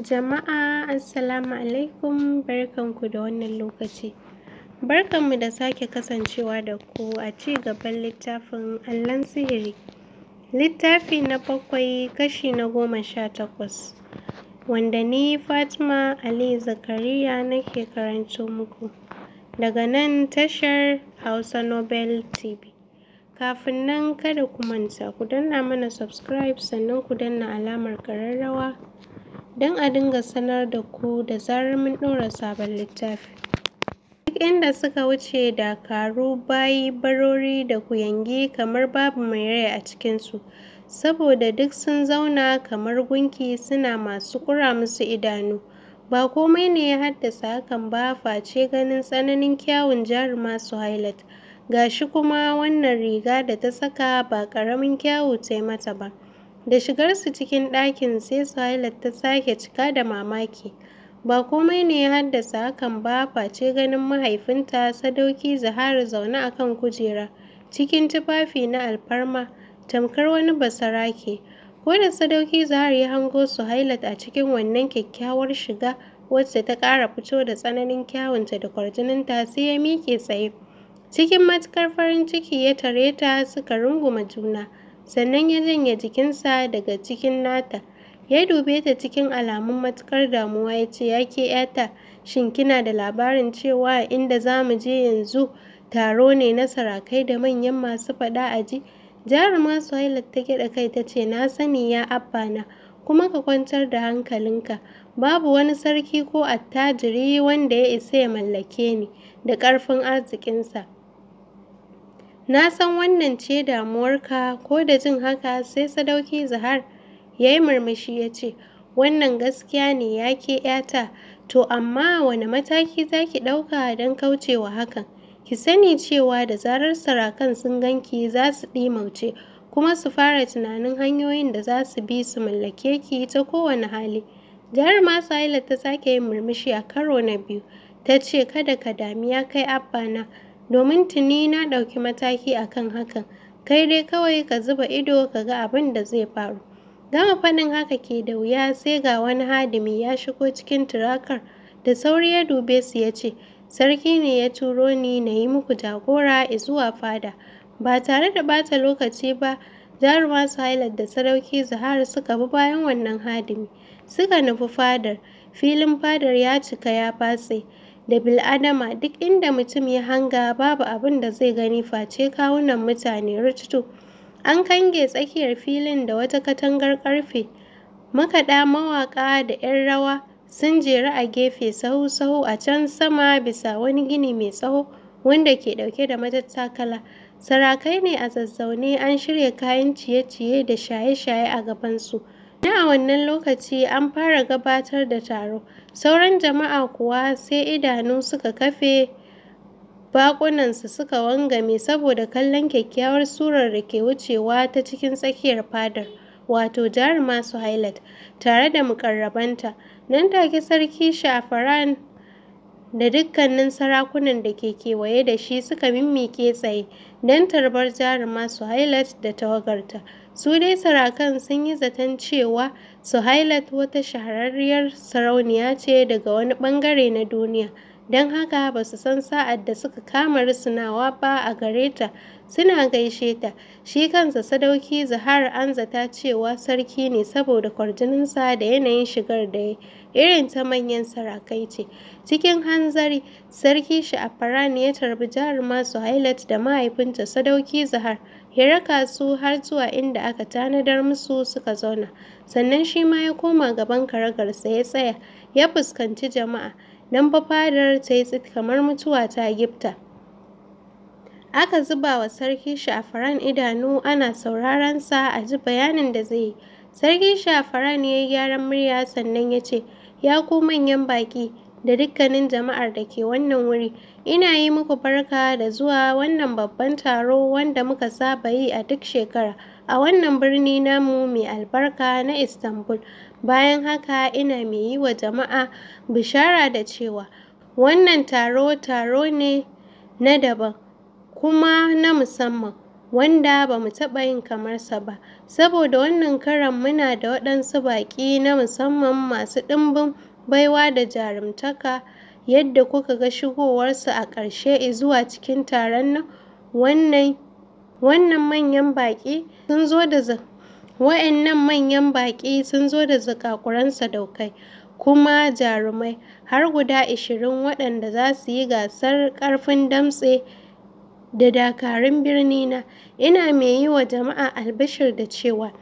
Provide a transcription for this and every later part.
Jama'a assalamu alaikum barkanku da wannan lokaci. Barkanmu da sake kasancewa da ku a ci gaban littafin Allon sihiri. Littafi na bakwai kashi na goma sha takwas wanda ni Fatima Ali Zakariya nake karanto muku daga nan tashar Hausa Nobel TV. Kafin nan kada ku manta ku danna mana subscribe sannan ku danna alamar ƙararrawa. don a dinga sanar da ku da zarar mun ɗora sabon littafi. Duk inda suka wuce dakaru, bayi, barori da kuyangi kamar babu mai rai a cikinsu, saboda duk sun zauna kamar gunki suna masu kura musu idanu. Ba komai ne ya haddasa hakan ba face ganin tsananin kyawun jaruma su Ga shi kuma wannan riga da ta saka ba ƙaramin kyawu ta mata ba. da shigarsu cikin ɗakin sai Suhaila ta sake cika da mamaki ba komai ne ya haddasa hakan ba face ganin mahaifinta sadauki zaharu zaune a kan kujera cikin tufafi na alfarma tamkar wani basarake ko da sadauki zaharu ya hango su hailat a cikin wannan kyakkyawar shiga wacce ta ƙara fito da tsananin kyawunta da kwarjininta sai ya miƙe tsaye cikin matukar farin ciki ya tare ta suka runguma juna sannan ya janye jikinsa daga cikin nata. Ya dube ta cikin alamun matukar damuwa ya ce, ya ke ‘yata, shin kina da labarin cewa inda za mu je yanzu taro ne na sarakai da manyan masu faɗa a ji? Jaruma Suhailat ta gyaɗa kai ta ce, na sani ya abba kuma ka kwantar da hankalinka, babu wani sarki ko attajiri wanda ya isa ya mallake ni da ƙarfin arzikinsa. Na san wannan ce damuwarka ko da jin haka sai sadauki Zahar ya yi murmushi ya ce, Wannan gaskiya ne ya ke ‘yata, to amma wane mataki za ki ɗauka don kaucewa hakan? Ki sani cewa da zarar sarakan sun ganki za su ɗimauce kuma su fara tunanin hanyoyin da za su bi su mallake ki ta kowane hali. Jihar Masu ta sake yin murmushi a karo na biyu, ta ce kada ka dami ya kai abba na. domin tuni na ɗauki mataki akan hakan kai dai kawai ka zuba ido ka ga abin da zai faru gama fanin haka ke da wuya sai ga wani hadimi ya shigo cikin turakar da sauri ya dube su ya ce sarki ne ya turo ni na yi muku jagora zuwa fada ba tare da bata lokaci ba jaruma Sailat da sarauki zahar suka bi bayan wannan hadimi suka nufi fadar filin fadar ya cika ya fatse da bil'adama duk inda mutum ya hanga babu abin da zai gani face kawunan mutane rututu an kange tsakiyar filin da wata katangar karfe makaɗa mawaƙa da 'yan rawa sun jeru a gefe sahu-sahu a can sama bisa wani gini mai tsaho, wanda ke ɗauke da matattakala sarakai ne a zazzaune an shirya kayan ciye-ciye da shaye-shaye a gabansu. Da a wannan lokaci an fara gabatar da taro, sauran jama'a kuwa sai idanu suka kafe bakunansu suka wangame saboda kallon kyakkyawar surar da ke wucewa ta cikin tsakiyar fadar, wato jaruma hailat tare da muƙarrabanta. Nan take sarki shafaran da dukkanin sarakunan da ke kewaye da shi suka mimmike tsaye don tarbar jaruma hailat da tawagarta. Su dai sarakan sun yi zaton cewa Suhailat wata shahararriyar sarauniya ce daga wani ɓangare na duniya, don haka ba su san sa'ad da suka kama sunawa ba a gare ta suna gaishe ta, shi kansa sadauki Zahar an zata cewa sarki ne saboda kwarjininsa da yanayin shigar da ya irin ta manyan sarakai ce. Cikin hanzari, sarki shi Sha'afaran ya tarbi jarumar Suhailat da mahaifinta sadauki Zahar. ya raka su har zuwa inda aka tanadar musu suka zauna sannan shi ma ya koma gaban karagarsa ya tsaya ya fuskanci jama'a nan fa fadar ta yi tsit kamar mutuwa ta gifta aka zuba wa sarki shafaran idanu ana sauraron sa a ji bayanin da zai yi sarki shafaran ya yi gyaran murya sannan ya ce ya ku manyan baƙi da dukkanin jama'ar da ke wannan wuri. Ina yi muku barka da zuwa wannan babban taro wanda muka saba yi a duk shekara a wannan birni namu mai albarka na Istanbul. Bayan haka ina mai yi wa jama'a bishara da cewa wannan taro taro ne na daban kuma na musamman. wanda ba mu taɓa yin kamarsa ba saboda wannan karan muna da waɗansu baƙi na musamman masu ɗimbin baiwa da jarumtaka yadda kuka ga shigowarsa a ƙarshe zuwa cikin taron nan wannan manyan baƙi sun zo da wa'annan manyan baƙi sun zo da sadaukai kuma jarumai har guda ashirin waɗanda za su yi gasar ƙarfin damtse da dakarun birni na ina mai yi wa jama'a albishir da cewa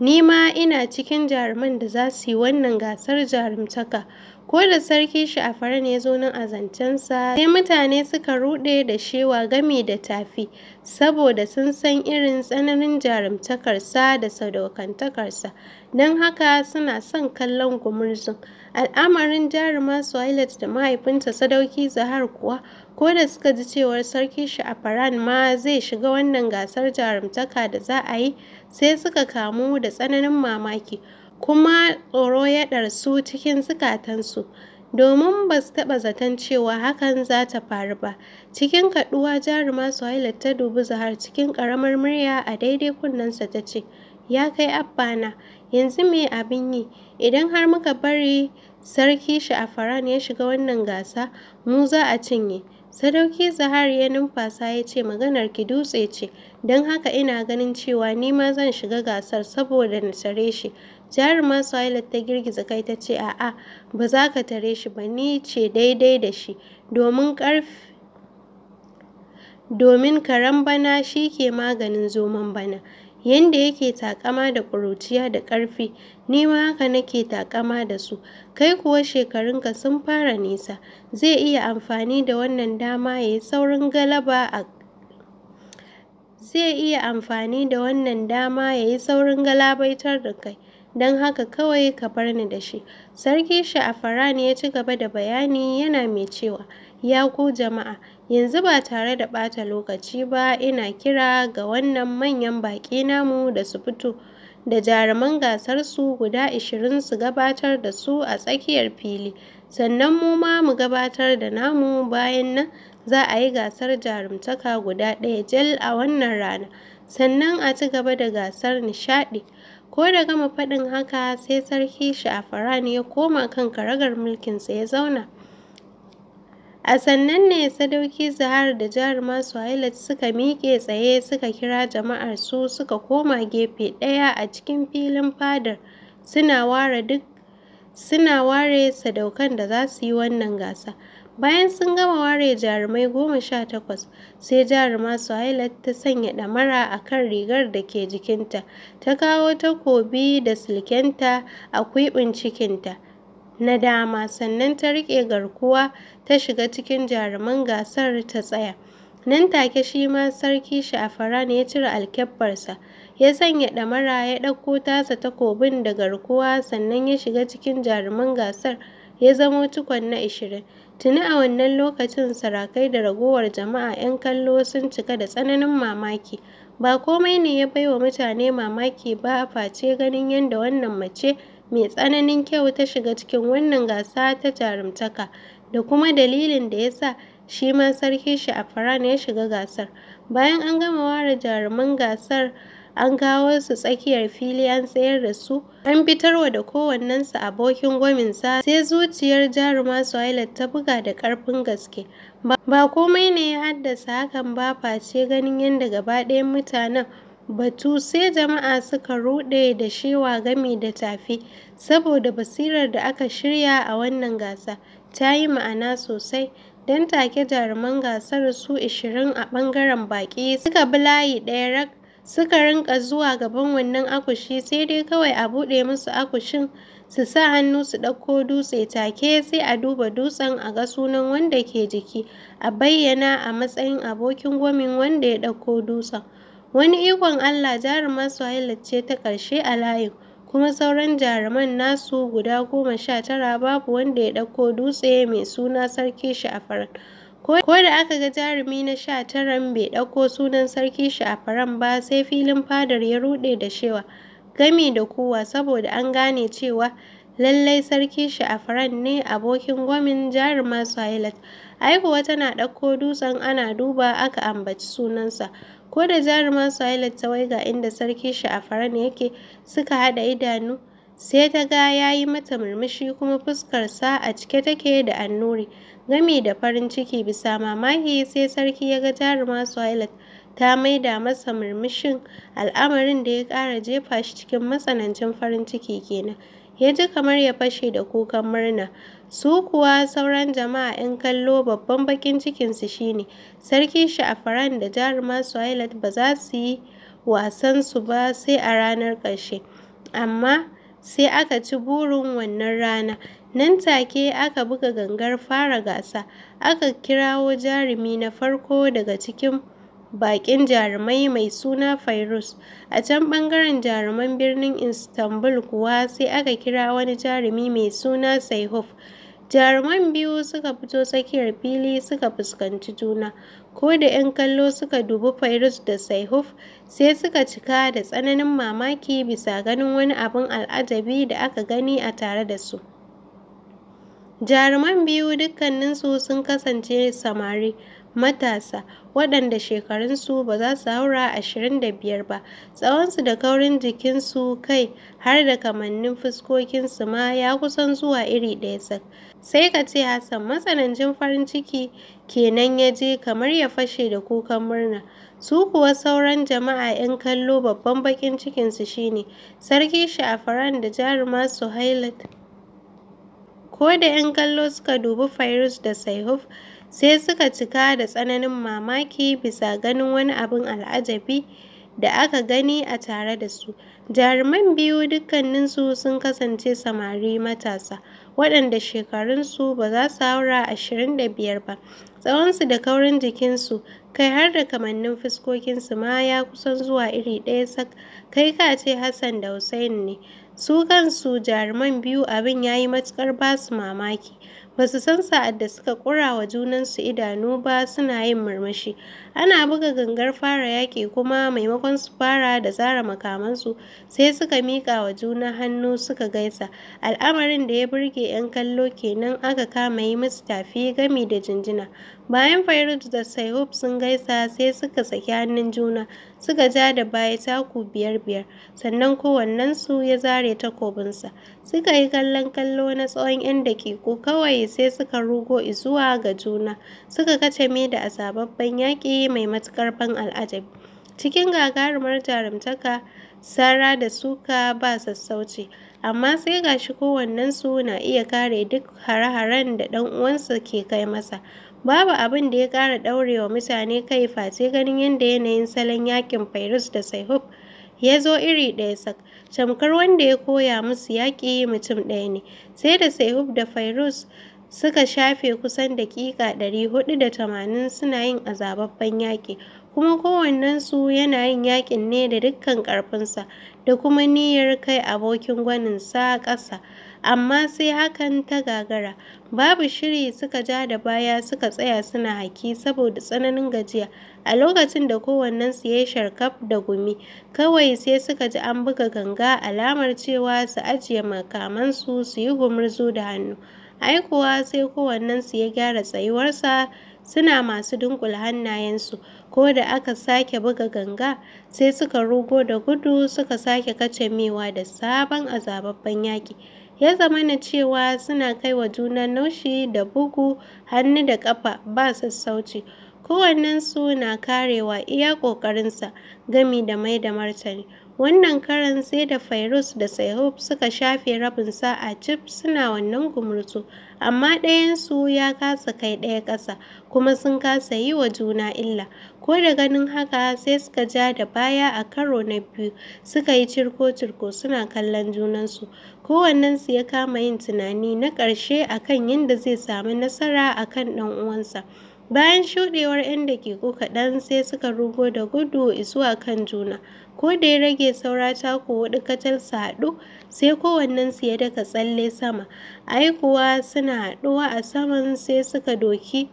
Ni ma ina cikin jaruman da za su yi wannan gasar jarumtaka. ko da sarki shi ya zo nan a zancensa sai mutane suka rude da shewa gami da tafi saboda sun san irin tsananin jarumtakarsa da sadaukantakarsa don haka suna son kallon gumurzun al'amarin jaruma Swailat da mahaifinta sadauki zahar kuwa ko da suka ji cewar sarki shi a faran ma zai shiga wannan gasar jarumtaka da za a yi sai suka kamu da tsananin mamaki kuma tsoro ya ɗarsu cikin zukatansu domin ba su taɓa zaton cewa hakan za ta faru ba cikin kaɗuwa jaruma suhaila ta dubi zahar cikin ƙaramar murya a daidai kunnensa ta ce ya kai abbana yanzu me abin yi idan har muka bari sarki shi a faran ya shiga wannan gasa mu za a cinye sadauki zahar ya numfasa ya ce maganar ki dutse ce don haka ina ganin cewa ni ma zan shiga gasar saboda na tare shi jaruman Sailat ta girgiza kai ta ce a'a ba za ka tare shi ba ni ce daidai da shi domin ƙarfi domin karen bana shi ke maganin zoman bana yanda yake takama da ƙuruciya da ƙarfi ni ma haka nake takama da su kai kuwa shekarunka sun fara nisa zai iya amfani da wannan dama ya yi saurin galaba a zai iya amfani da wannan dama ya yi saurin galabaitar da kai don haka kawai ka bar ni da shi sarki ne ya ci gaba da bayani yana mai cewa ya ku jama'a yanzu ba tare da bata lokaci ba ina kira ga wannan manyan baƙi namu da su fito da jaruman gasar su guda ishirin su gabatar da su a tsakiyar fili sannan mu ma mu gabatar da namu bayan nan za a yi gasar jarumtaka guda ɗaya jel a wannan rana sannan a ci gaba da gasar nishaɗi Ko da gama faɗin haka sai sarki shafaran ya koma kan karagar mulkinsa ya zauna. A sannan ne sadauki Zahar da jaruma Suhailat suka miƙe tsaye suka kira jama'ar su suka koma gefe ɗaya a cikin filin fadar suna ware suna ware sadaukan da za su yi wannan gasa. Bayan sun gama ware jarumai goma sha takwas, sai jaruma Suhailat ta sanya ɗamara a kan rigar da ke jikinta, ta kawo takobi da silkenta a kwiɓin cikinta na dama, sannan ta riƙe garkuwa ta shiga cikin jaruman gasar ta tsaya. Nan take shi ma sarki shi a Sha'afaran ya cire alkebbarsa, ya sanya ɗamara ya ɗauko tasa takobin da garkuwa sannan ya shiga cikin jaruman gasar ya zamo tukon na ishirin. Tuni a wannan lokacin sarakai da ragowar jama'a 'yan kallo sun cika da tsananin mamaki. Ba komai ne ya bai wa mutane mamaki ba face ganin yadda wannan mace mai tsananin kyau ta shiga cikin wannan gasa ta jarumtaka da kuma dalilin da ya sa shi ma sarki shi a ya shiga gasar. Bayan an gama ware jaruman gasar an kawo su tsakiyar fili an tsayar da su an fitarwa da kowannensu abokin gwaminsa sai zuciyar jaruma Suhailat ta buga da ƙarfin gaske ba komai ne ya haddasa hakan ba face ganin yadda gaba ɗayan mutanen batu sai jama'a suka ruɗe da shewa gami da tafi saboda basirar da aka shirya a wannan gasa ta yi ma'ana sosai don take jaruman gasar su 20 a ɓangaren baƙi suka bi layi ɗaya rak suka rinka zuwa gaban wannan akushi sai dai kawai a buɗe musu akushin su sa hannu su ɗauko dutse take sai a duba dutsen a ga sunan wanda ke jiki a bayyana a matsayin abokin gwamin wanda ya ɗauko dutsen wani ikon Allah jaruma Suhaila ce ta ƙarshe a layin kuma sauran jaruman nasu guda goma sha tara babu wanda ya ɗauko dutse mai suna sarki shi Ko da aka ga jarumi na sha taran bai ɗauko sunan sarki shi a faran ba sai filin fadar ya ruɗe da shewa gami da kuwa saboda an gane cewa lallai sarki shi a faran ne abokin gwamin jaruma Swahilat. Aihuwa tana ɗauko dutsen ana duba aka ambaci sunansa. Ko da jaruma Swahilat ta waiga inda sarki shi a faran yake suka haɗa idanu sai ta ga ya yi mata murmushi kuma fuskarsa a cike take da annuri. gami da farin ciki bisa mamaki sai sarki ya ga jaruma Suhailat ta maida masa murmushin al'amarin da ya ƙara jefa shi cikin matsanancin farin ciki kenan ya ji kamar ya fashe da kukan murna su kuwa sauran jama'a in kallo babban bakin cikinsu shine sarki shi faran da jaruma Suhailat ba za su yi wasan su ba sai a ranar ƙarshe amma sai aka ci burin wannan rana Nan take aka buga gangar fara gasa, aka kirawo jarumi na farko daga cikin bakin jarumai mai suna Fairuz a can ɓangaren jaruman birnin Istanbul kuwa sai aka kira wani jarumi mai suna saihuf Jaruman biyu suka fito tsakiyar fili suka fuskanci juna, ko da 'yan kallo suka dubi Fairuz da Saihuf sai suka cika da tsananin mamaki bisa ganin wani abin al'ajabi da aka gani a tare da su. jaruman biyu dukkaninsu sun kasance samari matasa waɗanda shekarunsu ba za su haura ashirin da biyar ba tsawonsu da kaurin jikinsu kai har da kamannin fuskokinsu ma ya kusan zuwa iri ɗaya sak sai ka ce hassan matsanancin farin ciki kenan ya je kamar ya fashe da kukan murna su kuwa sauran jama'a 'yan kallo babban bakin cikinsu shine sarki sha'afaran da jaruma suhailat Ko da 'yan kallo suka dubi Fairuz da Saihuf, sai suka cika da tsananin mamaki bisa ganin wani abin al'ajabi da aka gani a tare da su. Jaruman biyu dukkaninsu sun kasance samari matasa, waɗanda shekarunsu ba za su haura ashirin da biyar ba. Tsawonsu da kaurin jikinsu, kai har da kamannin fuskokinsu ma ya kusan zuwa iri ɗaya sak, kai ka ce Hassan da Hussein ne. su kansu jaruman biyu abin ya yi matuƙar ba su mamaki ba su san sa'ad da suka ƙura wa junansu idanu ba suna yin murmushi ana buga gangar fara yaƙi kuma maimakon su fara da tsara makamansu sai suka miƙa wa juna hannu suka gaisa al'amarin da ya burge 'yan kallo kenan aka kama yi musu tafi gami da jinjina bayan fairuz da saihub sun gaisa sai suka saki hannun juna suka ja da baya taku biyar biyar sannan kowannensu ya zare takobinsa suka yi kallon kallo na tsawon 'yan dakiku kawai sai suka rugo izuwa ga juna suka kace me da asababben yaƙi mai matukar ban al'ajabi. Cikin gagarumar jarumtaka, sara da suka ba sassauci, amma sai ga shi kowannensu na iya kare duk hare-haren da ɗan uwansa ke kai masa. Babu abin da ya ƙara ɗaurewa mutane kai face ganin yadda yanayin salon yakin fairus da Saihub ya zo iri ɗaya sak. Tamkar wanda ya koya musu yaƙi mutum ɗaya ne, sai da Saihub da fairus suka shafe kusan daƙiƙa 480 suna yin azababban yaƙi kuma kowannensu yana yin yaƙin ne da dukkan ƙarfinsa da kuma niyyar kai abokin gwanin sa ƙasa amma sai hakan ta gagara babu shiri suka ja da baya suka tsaya suna haki saboda tsananin gajiya a lokacin da kowannensu ya yi sharkaf da gumi kawai sai suka ji an buga ganga alamar cewa su ajiye makamansu su yi gumurzu da hannu ai kuwa sai kowannensu ya gyara tsayuwarsa suna masu dunkula hannayensu ko da aka sake buga ganga sai suka rugo da gudu suka sake mewa da sabon azababban yaƙi ya zama na cewa suna kai wa juna naushi da bugu hannu da ƙafa ba sassauci kowannensu na karewa iya ƙoƙarinsa gami da mai da martani Wannan karan sai da virus da Saihub suka shafe rabin sa'a cif suna wannan gumurtu amma ɗayansu ya kasa kai ɗaya ƙasa, kuma sun kasa yi wa juna illa. Ko da ganin haka sai suka ja da baya a karo na biyu, suka yi cirko-cirko suna kallon junansu. Kowannensu ya kama yin tunani na ƙarshe akan yadda zai samu nasara akan ɗan uwansa. Bayan shuɗewar 'yan ke kaɗan sai suka rugo da gudu zuwa kan juna. ko da ya rage saura taku hudu kacal su haɗu sai su ya daga tsalle sama ai kuwa suna haɗuwa a saman sai suka doki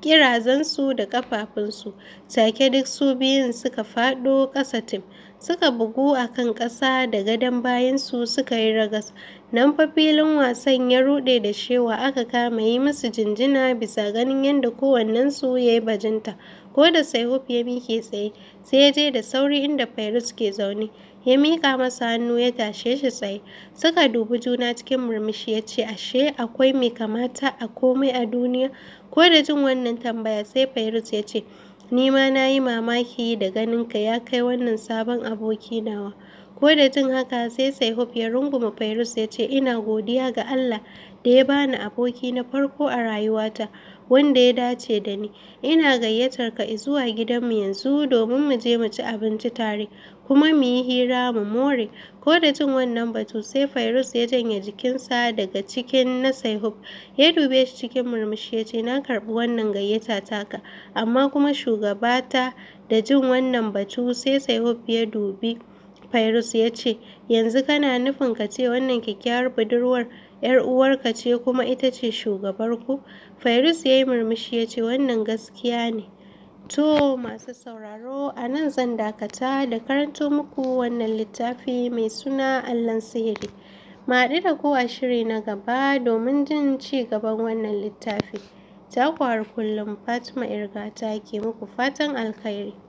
kirazansu da ƙafafunsu. take duk su biyun suka faɗo ƙasa tim suka bugu a kan ƙasa da gadon bayansu suka yi ragas nan fa filin wasan ya ruɗe da shewa aka kama yi musu jinjina bisa ganin yadda kowannensu ya yi bajinta ko da sai Saihuf ya miƙe tsaye sai ya je da sauri inda Fairuz ke zaune ya miƙa masa hannu ya tashe shi tsaye suka dubi juna cikin murmushi ya ce ashe akwai mai kamata a komai a duniya ko da jin wannan tambaya sai Fairuz ya ce ni ma na yi mamaki da ganin ka ya kai wannan sabon aboki nawa ko da jin haka sai sai Saihuf ya runguma Fairuz ya ce ina godiya ga Allah da ya bani aboki na farko a rayuwata wanda ya dace da ni. Ina gayyatar ka zuwa gidanmu yanzu domin mu je mu ci abinci tare kuma mu yi hira mu more. Ko da jin wannan batu sai Fairuz ya janye jikinsa daga cikin na Saihub. Ya dube shi cikin murmushi ya ce na karbi wannan gayyata taka amma kuma shugabata da jin wannan batu sai Saihub ya dubi Fairuz ya ce yanzu kana nufin ka ce wannan kyakkyawar budurwar 'yar uwarka ce kuma ita ce shugabarku? Fairuz ya yi murmushi ya ce wannan gaskiya ne. To masu sauraro a nan zan dakata da karanto muku wannan littafi mai suna Allahn sihiri. Maɗi da kowa shiri na gaba domin jin ci gaban wannan littafi. Ta kullum Fatima Irga ke muku fatan alkhairi.